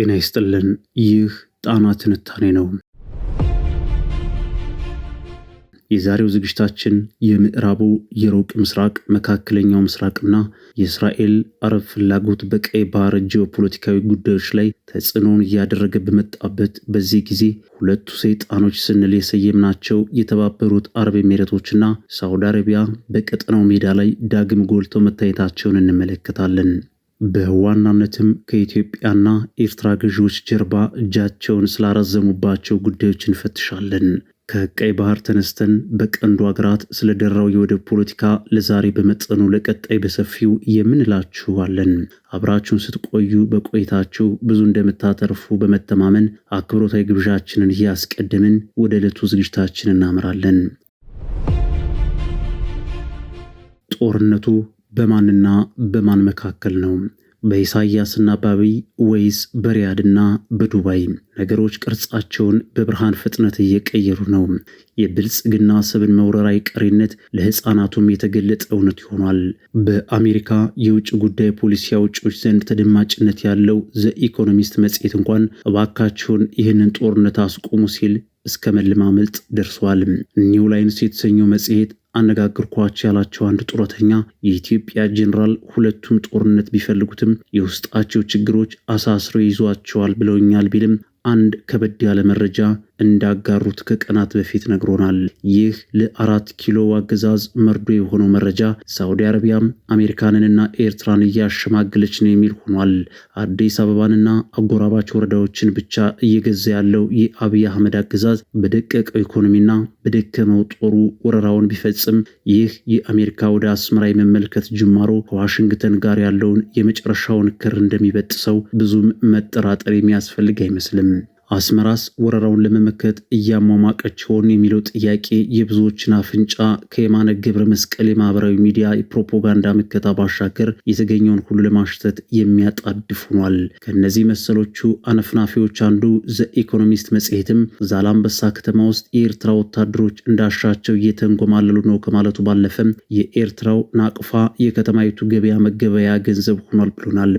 ጤና ይስጥልን። ይህ ጣና ትንታኔ ነው። የዛሬው ዝግጅታችን የምዕራቡ የሩቅ ምስራቅ መካከለኛው ምስራቅና የእስራኤል አረብ ፍላጎት በቀይ ባህር ጂኦፖለቲካዊ ጉዳዮች ላይ ተጽዕኖውን እያደረገ በመጣበት በዚህ ጊዜ ሁለቱ ሰይጣኖች ስንል የሰየምናቸው የተባበሩት አረብ ኤሚሬቶችና ሳውዲ አረቢያ በቀጠናው ሜዳ ላይ ዳግም ጎልተው መታየታቸውን እንመለከታለን። በዋናነትም ከኢትዮጵያና ኤርትራ ገዢዎች ጀርባ እጃቸውን ስላራዘሙባቸው ጉዳዮች እንፈትሻለን። ከቀይ ባህር ተነስተን በቀንዱ ሀገራት ስለደራው የወደብ ፖለቲካ ለዛሬ በመጠኑ ለቀጣይ በሰፊው የምንላችኋለን። አብራችሁን ስትቆዩ በቆይታችሁ ብዙ እንደምታተርፉ በመተማመን አክብሮታዊ ግብዣችንን እያስቀደምን ወደ ዕለቱ ዝግጅታችን እናምራለን። ጦርነቱ በማንና በማን መካከል ነው? በኢሳይያስና በአብይ ወይስ በሪያድና በዱባይ? ነገሮች ቅርጻቸውን በብርሃን ፍጥነት እየቀየሩ ነው። የብልጽግና ስብን መውረር አይቀሬነት ለሕፃናቱም የተገለጠ እውነት ይሆኗል። በአሜሪካ የውጭ ጉዳይ ፖሊሲ አውጪዎች ዘንድ ተደማጭነት ያለው ዘኢኮኖሚስት መጽሔት እንኳን እባካችሁን ይህንን ጦርነት አስቆሙ ሲል እስከ መለማመጥ ደርሷል። ኒው ላይንስ የተሰኘው መጽሔት አነጋግርኳቸው ያላቸው አንድ ጡረተኛ የኢትዮጵያ ጀኔራል ሁለቱም ጦርነት ቢፈልጉትም የውስጣቸው ችግሮች አሳስረው ይዟቸዋል ብለውኛል ቢልም አንድ ከበድ ያለ መረጃ እንዳጋሩት ከቀናት በፊት ነግሮናል። ይህ ለአራት ኪሎ አገዛዝ መርዶ የሆነው መረጃ ሳዑዲ አረቢያም አሜሪካንንና ኤርትራን እያሸማግለች ነው የሚል ሆኗል። አዲስ አበባንና አጎራባች ወረዳዎችን ብቻ እየገዛ ያለው የአብይ አህመድ አገዛዝ በደቀቀው ኢኮኖሚና በደከመው ጦሩ ወረራውን ቢፈጽም ይህ የአሜሪካ ወደ አስመራ የመመልከት ጅማሮ ከዋሽንግተን ጋር ያለውን የመጨረሻውን ክር እንደሚበጥሰው ብዙም መጠራጠር የሚያስፈልግ አይመስልም። አስመራስ ወረራውን ለመመከት እያሟሟቀች ሆን የሚለው ጥያቄ የብዙዎችን አፍንጫ ከየማነ ገብረ መስቀል የማህበራዊ ሚዲያ የፕሮፓጋንዳ መከታ ባሻገር የተገኘውን ሁሉ ለማሽተት የሚያጣድፍ ሆኗል። ከእነዚህ መሰሎቹ አነፍናፊዎች አንዱ ዘኢኮኖሚስት መጽሔትም ዛላምበሳ ከተማ ውስጥ የኤርትራ ወታደሮች እንዳሻቸው እየተንጎማለሉ ነው ከማለቱ ባለፈም የኤርትራው ናቅፋ የከተማይቱ ገበያ መገበያ ገንዘብ ሆኗል ብሎናል።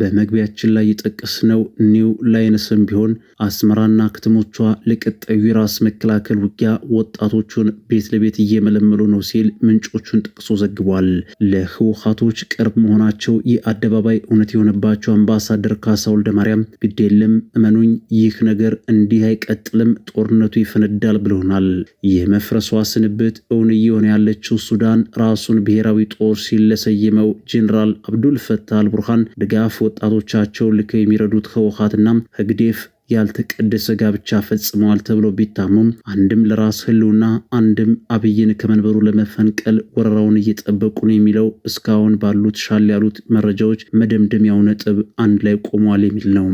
በመግቢያችን ላይ የጠቀስነው ኒው ላይንስም ቢሆን አስመራና ከተሞቿ ለቀጣዩ የራስ መከላከል ውጊያ ወጣቶቹን ቤት ለቤት እየመለመሉ ነው ሲል ምንጮቹን ጠቅሶ ዘግቧል። ለህወሓቶች ቅርብ መሆናቸው የአደባባይ እውነት የሆነባቸው አምባሳደር ካሳ ወልደማርያም ግድ የለም እመኑኝ፣ ይህ ነገር እንዲህ አይቀጥልም፣ ጦርነቱ ይፈነዳል ብለውናል። የመፍረሷ ስንብት እውን እየሆነ ያለችው ሱዳን ራሱን ብሔራዊ ጦር ሲል ለሰየመው ጄኔራል አብዱል ፈታህ አልቡርሃን ድጋፍ ወጣቶቻቸው ልከው የሚረዱት ህወሓትና ህግዴፍ ያልተቀደሰ ጋብቻ ፈጽመዋል ተብሎ ቢታሙም አንድም ለራስ ህልውና አንድም አብይን ከመንበሩ ለመፈንቀል ወረራውን እየጠበቁ ነው የሚለው እስካሁን ባሉት ሻል ያሉት መረጃዎች መደምደሚያው ነጥብ አንድ ላይ ቆሟል የሚል ነው።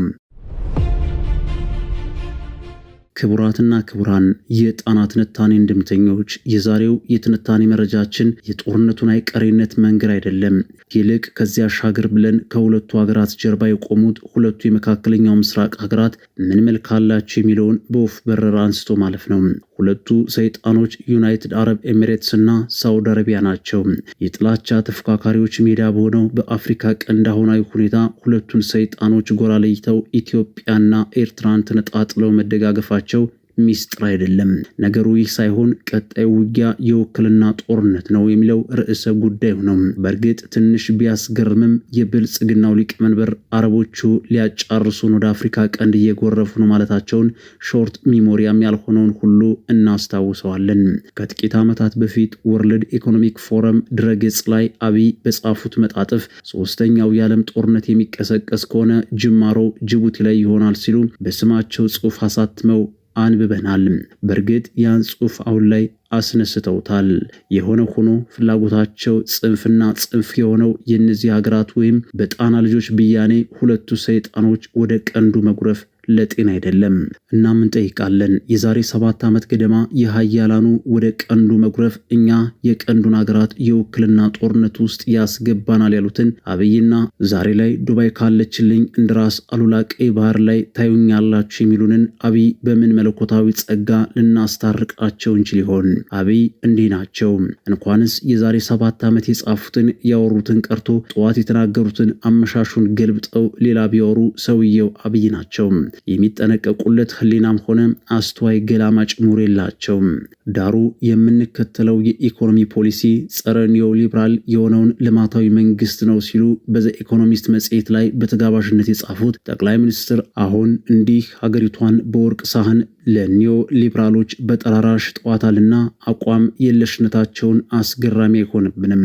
ክቡራትና ክቡራን የጣና ትንታኔ እንድምተኞች፣ የዛሬው የትንታኔ መረጃችን የጦርነቱን አይቀሬነት መንገድ አይደለም፣ ይልቅ ከዚህ አሻገር ብለን ከሁለቱ ሀገራት ጀርባ የቆሙት ሁለቱ የመካከለኛው ምስራቅ ሀገራት ምን መልክ አላቸው የሚለውን በወፍ በረራ አንስቶ ማለፍ ነው። ሁለቱ ሰይጣኖች ዩናይትድ አረብ ኤሚሬትስ እና ሳውዲ አረቢያ ናቸው። የጥላቻ ተፎካካሪዎች ሜዳ በሆነው በአፍሪካ ቀንድ አሁናዊ ሁኔታ ሁለቱን ሰይጣኖች ጎራ ለይተው ኢትዮጵያና ኤርትራን ተነጣጥለው መደጋገፋቸው መሆናቸው ሚስጥር አይደለም። ነገሩ ይህ ሳይሆን ቀጣይ ውጊያ የውክልና ጦርነት ነው የሚለው ርዕሰ ጉዳይ ነው። በእርግጥ ትንሽ ቢያስገርምም የብልጽግናው ሊቀመንበር አረቦቹ ሊያጫርሱን ወደ አፍሪካ ቀንድ እየጎረፉ ነው ማለታቸውን ሾርት ሚሞሪያም ያልሆነውን ሁሉ እናስታውሰዋለን። ከጥቂት ዓመታት በፊት ወርልድ ኢኮኖሚክ ፎረም ድረገጽ ላይ አብይ በጻፉት መጣጥፍ ሶስተኛው የዓለም ጦርነት የሚቀሰቀስ ከሆነ ጅማሮ ጅቡቲ ላይ ይሆናል ሲሉ በስማቸው ጽሑፍ አሳትመው አንብበናል። በእርግጥ ያን ጽሑፍ አሁን ላይ አስነስተውታል። የሆነ ሆኖ ፍላጎታቸው ጽንፍና ጽንፍ የሆነው የእነዚህ ሀገራት ወይም በጣና ልጆች ብያኔ ሁለቱ ሰይጣኖች ወደ ቀንዱ መጉረፍ ለጤና አይደለም። እናም እንጠይቃለን። የዛሬ ሰባት ዓመት ገደማ የሀያላኑ ወደ ቀንዱ መጉረፍ እኛ የቀንዱን ሀገራት የውክልና ጦርነት ውስጥ ያስገባናል ያሉትን አብይና ዛሬ ላይ ዱባይ ካለችልኝ እንደ ራስ አሉላ ቀይ ባህር ላይ ታዩኛላችሁ የሚሉንን አብይ በምን መለኮታዊ ጸጋ ልናስታርቃቸው እንችል ይሆን? አብይ እንዲህ ናቸው። እንኳንስ የዛሬ ሰባት ዓመት የጻፉትን ያወሩትን ቀርቶ ጠዋት የተናገሩትን አመሻሹን ገልብጠው ሌላ ቢያወሩ ሰውየው አብይ ናቸው። የሚጠነቀቁለት ህሊናም ሆነ አስተዋይ ገላማጭ ኑር የላቸውም። ዳሩ የምንከተለው የኢኮኖሚ ፖሊሲ ጸረ ኒዮሊብራል የሆነውን ልማታዊ መንግስት ነው ሲሉ በዘ ኢኮኖሚስት መጽሔት ላይ በተጋባዥነት የጻፉት ጠቅላይ ሚኒስትር አሁን እንዲህ ሀገሪቷን በወርቅ ሳህን ለኒዮ ሊብራሎች በጠራራ ሽጠዋታልና አቋም የለሽነታቸውን አስገራሚ አይሆንብንም።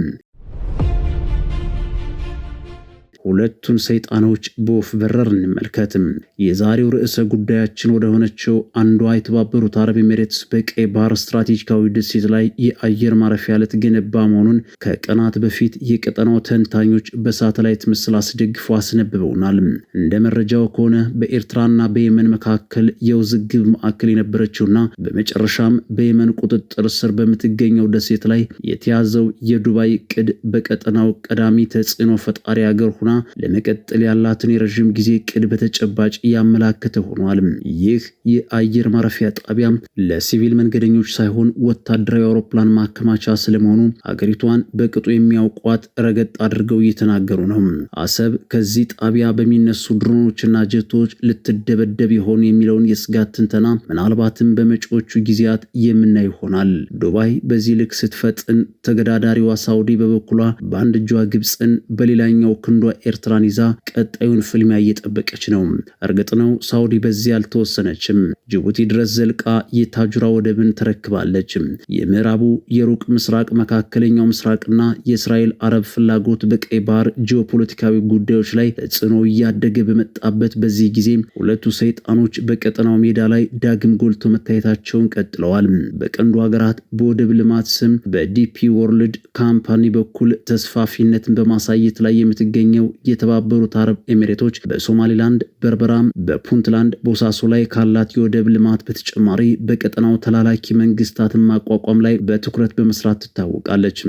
ሁለቱን ሰይጣኖች በወፍ በረር እንመልከትም። የዛሬው ርዕሰ ጉዳያችን ወደ ሆነችው አንዷ የተባበሩት አረብ ኤሜሬትስ በቀይ ባህር ስትራቴጂካዊ ደሴት ላይ የአየር ማረፊያ ልትገነባ መሆኑን ከቀናት በፊት የቀጠናው ተንታኞች በሳተላይት ምስል አስደግፈው አስነብበውናል። እንደ መረጃው ከሆነ በኤርትራና በየመን መካከል የውዝግብ ማዕከል የነበረችውና በመጨረሻም በየመን ቁጥጥር ስር በምትገኘው ደሴት ላይ የተያዘው የዱባይ ቅድ በቀጠናው ቀዳሚ ተጽዕኖ ፈጣሪ ሀገር ሁና ለመቀጠል ያላትን የረዥም ጊዜ ቅድ በተጨባጭ እያመላከተ ሆኗል። ይህ የአየር ማረፊያ ጣቢያ ለሲቪል መንገደኞች ሳይሆን ወታደራዊ አውሮፕላን ማከማቻ ስለመሆኑ አገሪቷን በቅጡ የሚያውቋት ረገጥ አድርገው እየተናገሩ ነው። አሰብ ከዚህ ጣቢያ በሚነሱ ድሮኖችና ጀቶች ልትደበደብ ይሆን የሚለውን የስጋት ትንተና ምናልባትም በመጪዎቹ ጊዜያት የምናይ ይሆናል። ዱባይ በዚህ ልክ ስትፈጥን፣ ተገዳዳሪዋ ሳውዲ በበኩሏ በአንድ እጇ ግብፅን በሌላኛው ክንዷ ኤርትራን ይዛ ቀጣዩን ፍልሚያ እየጠበቀች ነው። እርግጥ ነው ሳውዲ በዚህ አልተወሰነችም። ጅቡቲ ድረስ ዘልቃ የታጁራ ወደብን ተረክባለች። የምዕራቡ የሩቅ ምስራቅ፣ መካከለኛው ምስራቅና የእስራኤል አረብ ፍላጎት በቀይ ባህር ጂኦፖለቲካዊ ጉዳዮች ላይ ተጽዕኖ እያደገ በመጣበት በዚህ ጊዜ ሁለቱ ሰይጣኖች በቀጠናው ሜዳ ላይ ዳግም ጎልቶ መታየታቸውን ቀጥለዋል። በቀንዱ ሀገራት በወደብ ልማት ስም በዲፒ ወርልድ ካምፓኒ በኩል ተስፋፊነትን በማሳየት ላይ የምትገኘው የተባበሩት አረብ ኤሚሬቶች በሶማሊላንድ በርበራም፣ በፑንትላንድ ቦሳሶ ላይ ካላት የወደብ ልማት በተጨማሪ በቀጠናው ተላላኪ መንግስታትን ማቋቋም ላይ በትኩረት በመስራት ትታወቃለች።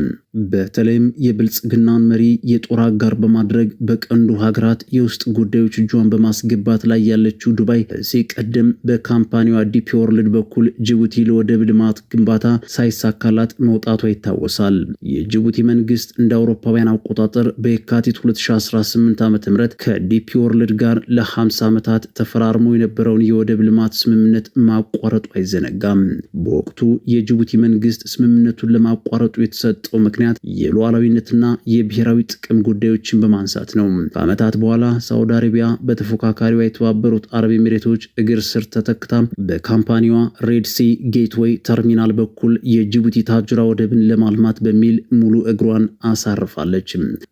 በተለይም የብልጽግናን መሪ የጦር አጋር በማድረግ በቀንዱ ሀገራት የውስጥ ጉዳዮች እጇን በማስገባት ላይ ያለችው ዱባይ ከዚህ ቀደም በካምፓኒዋ ዲፒ ወርልድ በኩል ጅቡቲ ለወደብ ልማት ግንባታ ሳይሳካላት መውጣቷ ይታወሳል። የጅቡቲ መንግስት እንደ አውሮፓውያን አቆጣጠር በየካቲት 2015 በ2018 ዓ ም ከዲፒ ወርልድ ጋር ለ50 ዓመታት ተፈራርሞ የነበረውን የወደብ ልማት ስምምነት ማቋረጡ አይዘነጋም። በወቅቱ የጅቡቲ መንግስት ስምምነቱን ለማቋረጡ የተሰጠው ምክንያት የሉዓላዊነትና የብሔራዊ ጥቅም ጉዳዮችን በማንሳት ነው። ከዓመታት በኋላ ሳውዲ አረቢያ በተፎካካሪዋ የተባበሩት አረብ ኤሚሬቶች እግር ስር ተተክታ በካምፓኒዋ ሬድሲ ጌትዌይ ተርሚናል በኩል የጅቡቲ ታጅራ ወደብን ለማልማት በሚል ሙሉ እግሯን አሳርፋለች።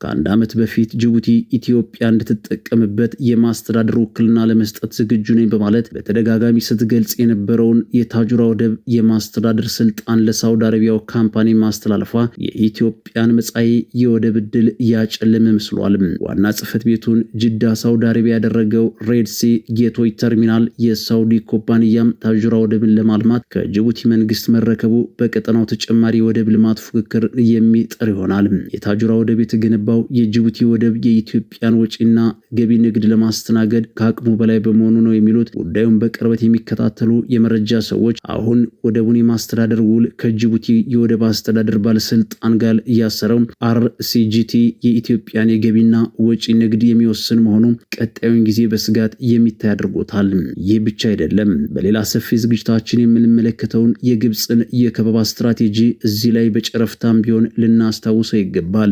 ከአንድ ዓመት በፊት ጅቡቲ ኢትዮጵያ እንድትጠቀምበት የማስተዳደር ውክልና ለመስጠት ዝግጁ ነኝ በማለት በተደጋጋሚ ስትገልጽ የነበረውን የታጁራ ወደብ የማስተዳደር ስልጣን ለሳውዲ አረቢያው ካምፓኒ ማስተላለፏ የኢትዮጵያን መጻኢ የወደብ እድል ያጨለመ መስሏል። ዋና ጽህፈት ቤቱን ጅዳ ሳውዲ አረቢያ ያደረገው ሬድሲ ጌቶች ተርሚናል የሳውዲ ኩባንያም ታጁራ ወደብን ለማልማት ከጅቡቲ መንግስት መረከቡ በቀጠናው ተጨማሪ ወደብ ልማት ፉክክር የሚጠር ይሆናል። የታጁራ ወደብ የተገነባው የጅቡቲ ወደብ የኢትዮጵያን ወጪና ገቢ ንግድ ለማስተናገድ ከአቅሙ በላይ በመሆኑ ነው የሚሉት ጉዳዩን በቅርበት የሚከታተሉ የመረጃ ሰዎች አሁን ወደቡን የማስተዳደር ውል ከጅቡቲ የወደብ አስተዳደር ባለስልጣን ጋር እያሰረው አርሲጂቲ የኢትዮጵያን የገቢና ወጪ ንግድ የሚወስን መሆኑ ቀጣዩን ጊዜ በስጋት የሚታይ አድርጎታል። ይህ ብቻ አይደለም። በሌላ ሰፊ ዝግጅታችን የምንመለከተውን የግብፅን የከበባ ስትራቴጂ እዚህ ላይ በጨረፍታም ቢሆን ልናስታውሰው ይገባል።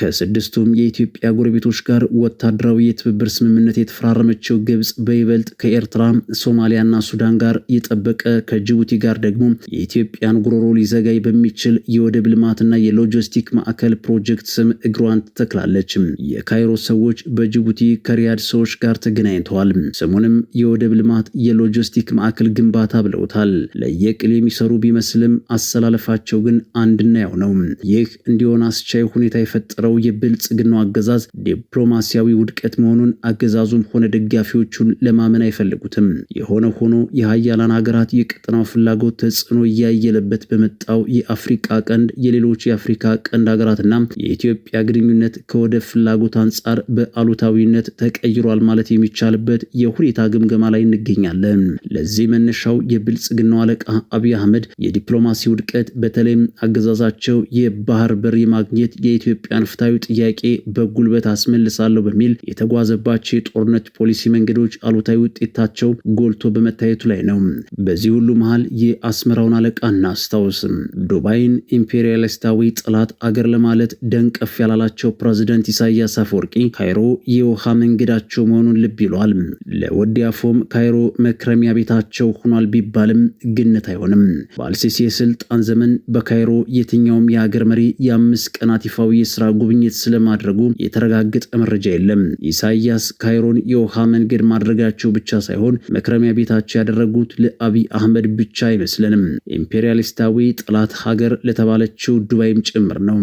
ከስድስቱም የኢትዮጵያ ጎረቤቶች ጋር ወታደራዊ የትብብር ስምምነት የተፈራረመችው ግብጽ በይበልጥ ከኤርትራ፣ ሶማሊያና ሱዳን ጋር የጠበቀ ከጅቡቲ ጋር ደግሞ የኢትዮጵያን ጉሮሮ ሊዘጋይ በሚችል የወደብ ልማትና የሎጂስቲክ ማዕከል ፕሮጀክት ስም እግሯን ትተክላለች። የካይሮ ሰዎች በጅቡቲ ከሪያድ ሰዎች ጋር ተገናኝተዋል። ስሙንም የወደብ ልማት የሎጂስቲክ ማዕከል ግንባታ ብለውታል። ለየቅል የሚሰሩ ቢመስልም አሰላለፋቸው ግን አንድና ያው ነው። ይህ እንዲሆን አስቻይ ሁኔታ የፈጠረው የተመራው የብልጽግናው አገዛዝ ዲፕሎማሲያዊ ውድቀት መሆኑን አገዛዙም ሆነ ደጋፊዎቹን ለማመን አይፈልጉትም። የሆነ ሆኖ የሀያላን ሀገራት የቀጠናው ፍላጎት ተጽዕኖ እያየለበት በመጣው የአፍሪቃ ቀንድ የሌሎች የአፍሪካ ቀንድ ሀገራትና የኢትዮጵያ ግንኙነት ከወደ ፍላጎት አንጻር በአሉታዊነት ተቀይሯል ማለት የሚቻልበት የሁኔታ ግምገማ ላይ እንገኛለን። ለዚህ መነሻው የብልጽግናው አለቃ አብይ አህመድ የዲፕሎማሲ ውድቀት በተለይም አገዛዛቸው የባህር በር የማግኘት የኢትዮጵያን ፍትሐዊ ጥያቄ በጉልበት አስመልሳለሁ በሚል የተጓዘባቸው የጦርነት ፖሊሲ መንገዶች አሉታዊ ውጤታቸው ጎልቶ በመታየቱ ላይ ነው። በዚህ ሁሉ መሃል የአስመራውን አለቃ እናስታውስም። ዱባይን ኢምፔሪያሊስታዊ ጠላት አገር ለማለት ደንቀፍ ያላላቸው ፕሬዝደንት ኢሳያስ አፈወርቂ ካይሮ የውሃ መንገዳቸው መሆኑን ልብ ይሏል። ለወዲያፎም ካይሮ መክረሚያ ቤታቸው ሆኗል ቢባልም ግነት አይሆንም። በአልሲሲ የስልጣን ዘመን በካይሮ የትኛውም የሀገር መሪ የአምስት ቀናት ይፋዊ የስራ ጉብኝት ስለማድረጉ የተረጋገጠ መረጃ የለም። ኢሳያስ ካይሮን የውሃ መንገድ ማድረጋቸው ብቻ ሳይሆን መክረሚያ ቤታቸው ያደረጉት ለአቢይ አህመድ ብቻ አይመስለንም። ኢምፔሪያሊስታዊ ጠላት ሀገር ለተባለችው ዱባይም ጭምር ነው።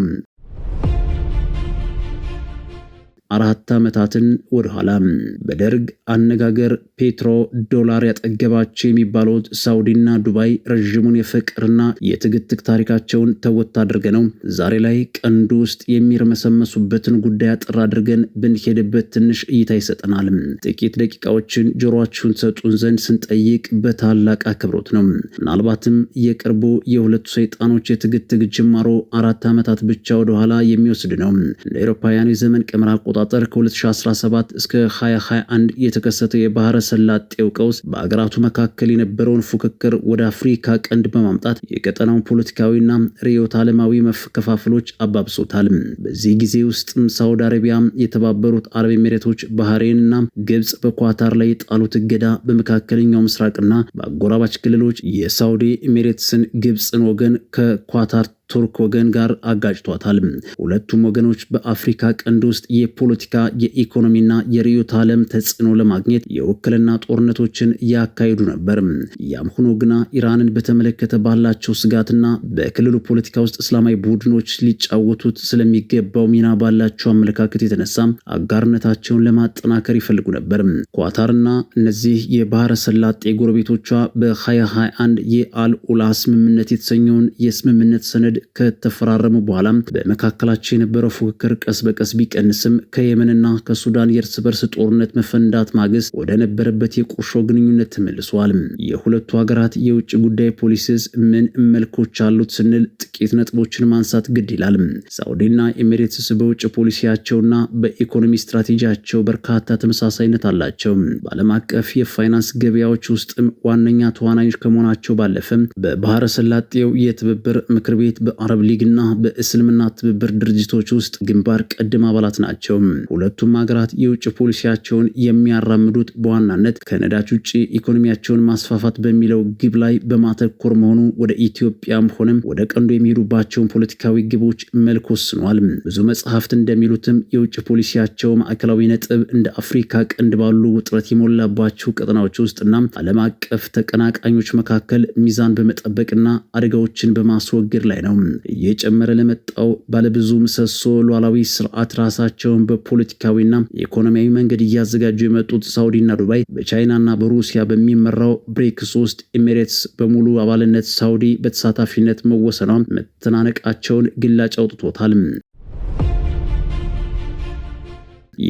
አራት ዓመታትን ወደኋላ በደርግ አነጋገር ፔትሮ ዶላር ያጠገባቸው የሚባሉት ሳውዲና ዱባይ ረዥሙን የፍቅርና የትግትግ ታሪካቸውን ተወት አድርገ ነው ዛሬ ላይ ቀንዱ ውስጥ የሚርመሰመሱበትን ጉዳይ አጥር አድርገን ብንሄድበት ትንሽ እይታ ይሰጠናል። ጥቂት ደቂቃዎችን ጆሮአችሁን ሰጡን ዘንድ ስንጠይቅ በታላቅ አክብሮት ነው። ምናልባትም የቅርቡ የሁለቱ ሰይጣኖች የትግትግ ጅማሮ አራት ዓመታት ብቻ ወደኋላ የሚወስድ ነው። ለአውሮፓውያኑ የዘመን ቀመር አቆጣጠር ከ2017 እስከ 2021 የተከሰተ የባህረ ሰላጤው ቀውስ በአገራቱ መካከል የነበረውን ፉክክር ወደ አፍሪካ ቀንድ በማምጣት የቀጠናውን ፖለቲካዊና ርዕዮተ ዓለማዊ መከፋፈሎች አባብሶታል። በዚህ ጊዜ ውስጥም ሳውዲ አረቢያ፣ የተባበሩት አረብ ኤሚሬቶች፣ ባህሬንና ግብፅ በኳታር ላይ የጣሉት እገዳ በመካከለኛው ምስራቅና በአጎራባች ክልሎች የሳውዲ ኤሚሬትስን ግብፅን ወገን ከኳታር ቱርክ ወገን ጋር አጋጭቷታል። ሁለቱም ወገኖች በአፍሪካ ቀንድ ውስጥ የፖለቲካ የኢኮኖሚና የርዕዮተ ዓለም ተጽዕኖ ለማግኘት የውክልና ጦርነቶችን ያካሂዱ ነበር። ያም ሆኖ ግና ኢራንን በተመለከተ ባላቸው ስጋትና በክልሉ ፖለቲካ ውስጥ እስላማዊ ቡድኖች ሊጫወቱት ስለሚገባው ሚና ባላቸው አመለካከት የተነሳ አጋርነታቸውን ለማጠናከር ይፈልጉ ነበር። ኳታርና እነዚህ የባህረ ሰላጤ ጎረቤቶቿ በ2021 የአልኡላ ስምምነት የተሰኘውን የስምምነት ሰነድ ሰነድ ከተፈራረሙ በኋላ በመካከላቸው የነበረው ፉክክር ቀስ በቀስ ቢቀንስም ከየመንና ከሱዳን የእርስ በርስ ጦርነት መፈንዳት ማግስት ወደ ነበረበት የቁርሾ ግንኙነት ተመልሷል። የሁለቱ ሀገራት የውጭ ጉዳይ ፖሊሲስ ምን መልኮች አሉት ስንል ጥቂት ነጥቦችን ማንሳት ግድ ይላል። ሳውዲና ኤሚሬትስ በውጭ ፖሊሲያቸውና በኢኮኖሚ ስትራቴጂያቸው በርካታ ተመሳሳይነት አላቸው። በዓለም አቀፍ የፋይናንስ ገበያዎች ውስጥም ዋነኛ ተዋናኞች ከመሆናቸው ባለፈ በባህረ ሰላጤው የትብብር ምክር ቤት በአረብ ሊግና በእስልምና ትብብር ድርጅቶች ውስጥ ግንባር ቀደም አባላት ናቸው። ሁለቱም ሀገራት የውጭ ፖሊሲያቸውን የሚያራምዱት በዋናነት ከነዳጅ ውጭ ኢኮኖሚያቸውን ማስፋፋት በሚለው ግብ ላይ በማተኮር መሆኑ ወደ ኢትዮጵያም ሆነም ወደ ቀንዱ የሚሄዱባቸውን ፖለቲካዊ ግቦች መልክ ወስኗል። ብዙ መጽሐፍት እንደሚሉትም የውጭ ፖሊሲያቸው ማዕከላዊ ነጥብ እንደ አፍሪካ ቀንድ ባሉ ውጥረት የሞላባቸው ቀጠናዎች ውስጥና ዓለም አቀፍ ተቀናቃኞች መካከል ሚዛን በመጠበቅና አደጋዎችን በማስወገድ ላይ ነው። እየጨመረ ለመጣው ባለብዙ ምሰሶ ሉዓላዊ ስርዓት ራሳቸውን በፖለቲካዊና ኢኮኖሚያዊ መንገድ እያዘጋጁ የመጡት ሳውዲና ዱባይ በቻይናና በሩሲያ በሚመራው ብሬክስ ውስጥ ኤሚሬትስ በሙሉ አባልነት ሳውዲ በተሳታፊነት መወሰኗ መተናነቃቸውን ግላጭ አውጥቶታል።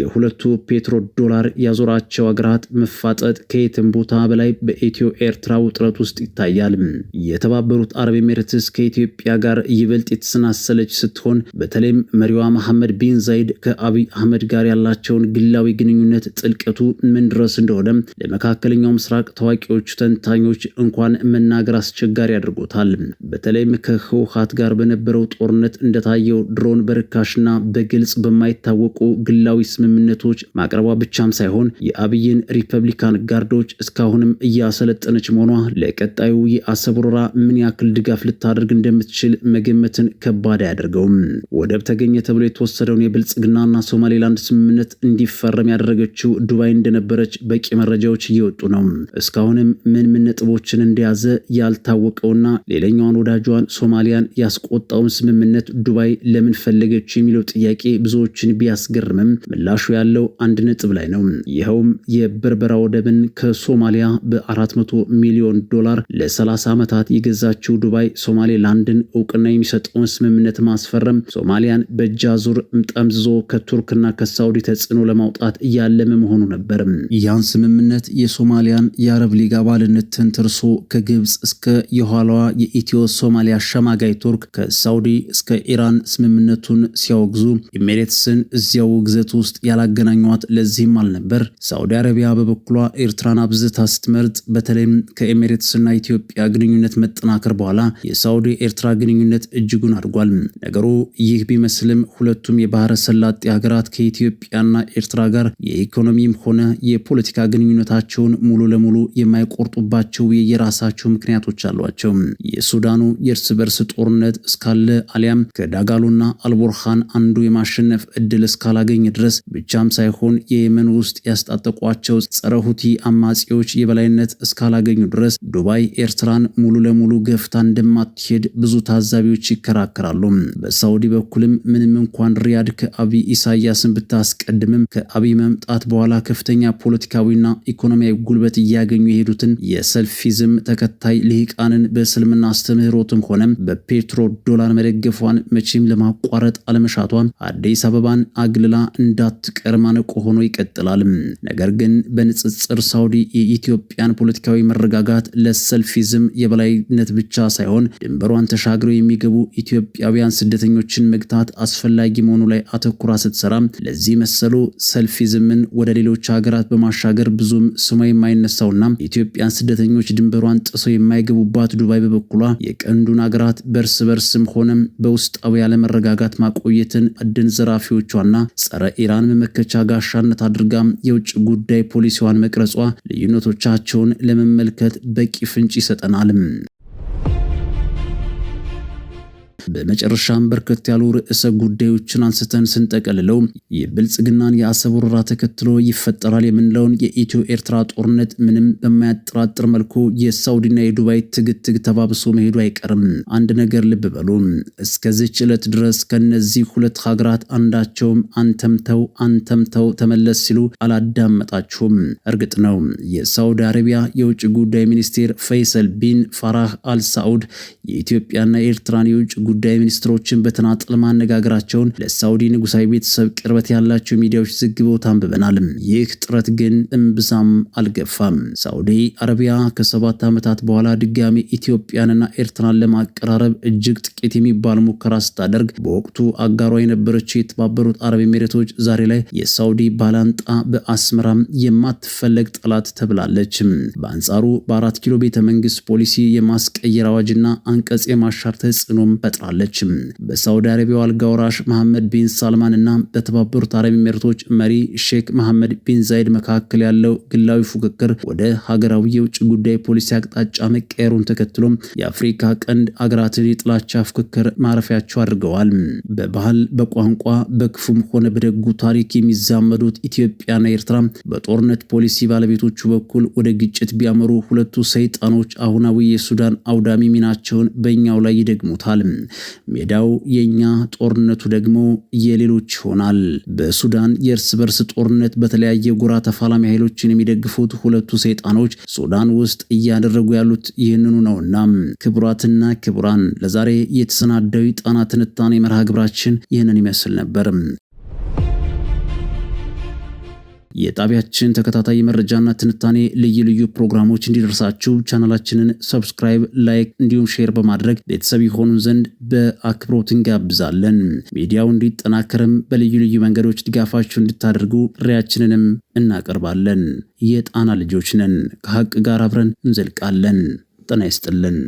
የሁለቱ ፔትሮ ዶላር ያዞራቸው ሀገራት መፋጠጥ ከየትም ቦታ በላይ በኢትዮ ኤርትራ ውጥረት ውስጥ ይታያል። የተባበሩት አረብ ኤሚሬትስ ከኢትዮጵያ ጋር ይበልጥ የተሰናሰለች ስትሆን በተለይም መሪዋ መሐመድ ቢን ዛይድ ከአብይ አህመድ ጋር ያላቸውን ግላዊ ግንኙነት ጥልቀቱ ምን ድረስ እንደሆነ ለመካከለኛው ምስራቅ ታዋቂዎቹ ተንታኞች እንኳን መናገር አስቸጋሪ አድርጎታል። በተለይም ከህውሃት ጋር በነበረው ጦርነት እንደታየው ድሮን በርካሽና በግልጽ በማይታወቁ ግላዊ ስምምነቶች ማቅረቧ ብቻም ሳይሆን የአብይን ሪፐብሊካን ጋርዶች እስካሁንም እያሰለጠነች መሆኗ ለቀጣዩ የአሰብ ወረራ ምን ያክል ድጋፍ ልታደርግ እንደምትችል መገመትን ከባድ አያደርገውም። ወደብ ተገኘ ተብሎ የተወሰደውን የብልጽግናና ሶማሌላንድ ስምምነት እንዲፈረም ያደረገችው ዱባይ እንደነበረች በቂ መረጃዎች እየወጡ ነው። እስካሁንም ምን ምን ነጥቦችን እንደያዘ ያልታወቀውና ሌላኛዋን ወዳጇን ሶማሊያን ያስቆጣውን ስምምነት ዱባይ ለምን ፈለገችው የሚለው ጥያቄ ብዙዎችን ቢያስገርምም ምላሹ ያለው አንድ ነጥብ ላይ ነው። ይኸውም የበርበራ ወደብን ከሶማሊያ በ400 ሚሊዮን ዶላር ለ30 ዓመታት የገዛችው ዱባይ ሶማሌላንድን እውቅና የሚሰጠውን ስምምነት ማስፈረም ሶማሊያን በእጃ ዙር ጠምዝዞ ከቱርክና ከሳውዲ ተጽዕኖ ለማውጣት እያለመ መሆኑ ነበር። ያን ስምምነት የሶማሊያን የአረብ ሊግ አባልነት ተንተርሶ ከግብፅ እስከ የኋላዋ የኢትዮ ሶማሊያ ሸማጋይ ቱርክ ከሳውዲ እስከ ኢራን ስምምነቱን ሲያወግዙ ኢሜሬትስን እዚያው ውግዘት ውስጥ ውስጥ ያላገናኟት ለዚህም አልነበር። ሳዑዲ አረቢያ በበኩሏ ኤርትራን አብዝታ ስትመርጥ በተለይም ከኤሚሬትስና ኢትዮጵያ ግንኙነት መጠናከር በኋላ የሳዑዲ ኤርትራ ግንኙነት እጅጉን አድጓል። ነገሩ ይህ ቢመስልም ሁለቱም የባህረ ሰላጤ ሀገራት ከኢትዮጵያና ኤርትራ ጋር የኢኮኖሚም ሆነ የፖለቲካ ግንኙነታቸውን ሙሉ ለሙሉ የማይቆርጡባቸው የየራሳቸው ምክንያቶች አሏቸው። የሱዳኑ የእርስ በርስ ጦርነት እስካለ አሊያም ከዳጋሉና አልቦርሃን አንዱ የማሸነፍ እድል እስካላገኝ ድረስ ብቻም ሳይሆን የየመን ውስጥ ያስጣጠቋቸው ጸረ ሁቲ አማጺዎች የበላይነት እስካላገኙ ድረስ ዱባይ ኤርትራን ሙሉ ለሙሉ ገፍታ እንደማትሄድ ብዙ ታዛቢዎች ይከራከራሉ። በሳውዲ በኩልም ምንም እንኳን ሪያድ ከአብይ ኢሳያስን ብታስቀድምም ከአብይ መምጣት በኋላ ከፍተኛ ፖለቲካዊና ኢኮኖሚያዊ ጉልበት እያገኙ የሄዱትን የሰልፊዝም ተከታይ ልሂቃንን በእስልምና አስተምህሮትም ሆነም በፔትሮ ዶላር መደገፏን መቼም ለማቋረጥ አለመሻቷን አዲስ አበባን አግልላ እንዳ ቀር ማነቆ ሆኖ ይቀጥላል። ነገር ግን በንጽጽር ሳውዲ የኢትዮጵያን ፖለቲካዊ መረጋጋት ለሰልፊዝም የበላይነት ብቻ ሳይሆን ድንበሯን ተሻግረው የሚገቡ ኢትዮጵያውያን ስደተኞችን መግታት አስፈላጊ መሆኑ ላይ አተኩራ ስትሰራ ለዚህ መሰሉ ሰልፊዝምን ወደ ሌሎች ሀገራት በማሻገር ብዙም ስሟ የማይነሳውና የኢትዮጵያን ስደተኞች ድንበሯን ጥሰው የማይገቡባት ዱባይ በበኩሏ የቀንዱን ሀገራት በእርስ በርስም ሆነም በውስጣዊ ያለመረጋጋት ማቆየትን አደን ዘራፊዎቿና ጸረ ኢራን ራሷን መመከቻ ጋሻነት አድርጋ የውጭ ጉዳይ ፖሊሲዋን መቅረጿ ልዩነቶቻቸውን ለመመልከት በቂ ፍንጭ ይሰጠናል። በመጨረሻም በርከት ያሉ ርዕሰ ጉዳዮችን አንስተን ስንጠቀልለው የብልጽግናን የአሰብ ወረራ ተከትሎ ይፈጠራል የምንለውን የኢትዮ ኤርትራ ጦርነት ምንም በማያጠራጥር መልኩ የሳውዲና የዱባይ ትግትግ ተባብሶ መሄዱ አይቀርም። አንድ ነገር ልብ በሉ። እስከዚች ዕለት ድረስ ከነዚህ ሁለት ሀገራት አንዳቸውም አንተምተው አንተምተው ተመለስ ሲሉ አላዳመጣችሁም። እርግጥ ነው የሳውዲ አረቢያ የውጭ ጉዳይ ሚኒስቴር ፈይሰል ቢን ፋራህ አልሳዑድ የኢትዮጵያና የኤርትራን የውጭ ጉዳይ ሚኒስትሮችን በተናጠል ማነጋገራቸውን ለሳውዲ ንጉሳዊ ቤተሰብ ቅርበት ያላቸው ሚዲያዎች ዘግበው ታንብበናል። ይህ ጥረት ግን እምብዛም አልገፋም። ሳውዲ አረቢያ ከሰባት ዓመታት በኋላ ድጋሚ ኢትዮጵያንና ኤርትራን ለማቀራረብ እጅግ ጥቂት የሚባል ሙከራ ስታደርግ በወቅቱ አጋሯ የነበረችው የተባበሩት አረብ ኤሚሬቶች ዛሬ ላይ የሳውዲ ባላንጣ በአስመራም የማትፈለግ ጠላት ተብላለች። በአንጻሩ በአራት ኪሎ ቤተ መንግስት ፖሊሲ የማስቀየር አዋጅና አንቀጽ የማሻር ተጽዕኖም ተቀጥራለች። በሳውዲ አረቢያው አልጋ ወራሽ መሐመድ ቢን ሳልማን እና በተባበሩት አረብ ኤሚሬቶች መሪ ሼክ መሐመድ ቢን ዛይድ መካከል ያለው ግላዊ ፉክክር ወደ ሀገራዊ የውጭ ጉዳይ ፖሊሲ አቅጣጫ መቀየሩን ተከትሎ የአፍሪካ ቀንድ አገራትን የጥላቻ ፉክክር ማረፊያቸው አድርገዋል። በባህል በቋንቋ በክፉም ሆነ በደጉ ታሪክ የሚዛመዱት ኢትዮጵያና ኤርትራ በጦርነት ፖሊሲ ባለቤቶቹ በኩል ወደ ግጭት ቢያመሩ ሁለቱ ሰይጣኖች አሁናዊ የሱዳን አውዳሚ ሚናቸውን በእኛው ላይ ይደግሙታል። ሜዳው የእኛ ጦርነቱ ደግሞ የሌሎች ይሆናል። በሱዳን የእርስ በርስ ጦርነት በተለያየ ጎራ ተፋላሚ ኃይሎችን የሚደግፉት ሁለቱ ሰይጣኖች ሱዳን ውስጥ እያደረጉ ያሉት ይህንኑ ነውና፣ ክቡራትና ክቡራን ለዛሬ የተሰናዳዊ ጣና ትንታኔ መርሃ ግብራችን ይህንን ይመስል ነበር። የጣቢያችን ተከታታይ መረጃና ትንታኔ ልዩ ልዩ ፕሮግራሞች እንዲደርሳችሁ ቻናላችንን ሰብስክራይብ፣ ላይክ እንዲሁም ሼር በማድረግ ቤተሰብ የሆኑን ዘንድ በአክብሮት እንጋብዛለን። ሚዲያው እንዲጠናከርም በልዩ ልዩ መንገዶች ድጋፋችሁ እንድታደርጉ ጥሪያችንንም እናቀርባለን። የጣና ልጆች ነን፣ ከሀቅ ጋር አብረን እንዘልቃለን። ጤና ይስጥልን።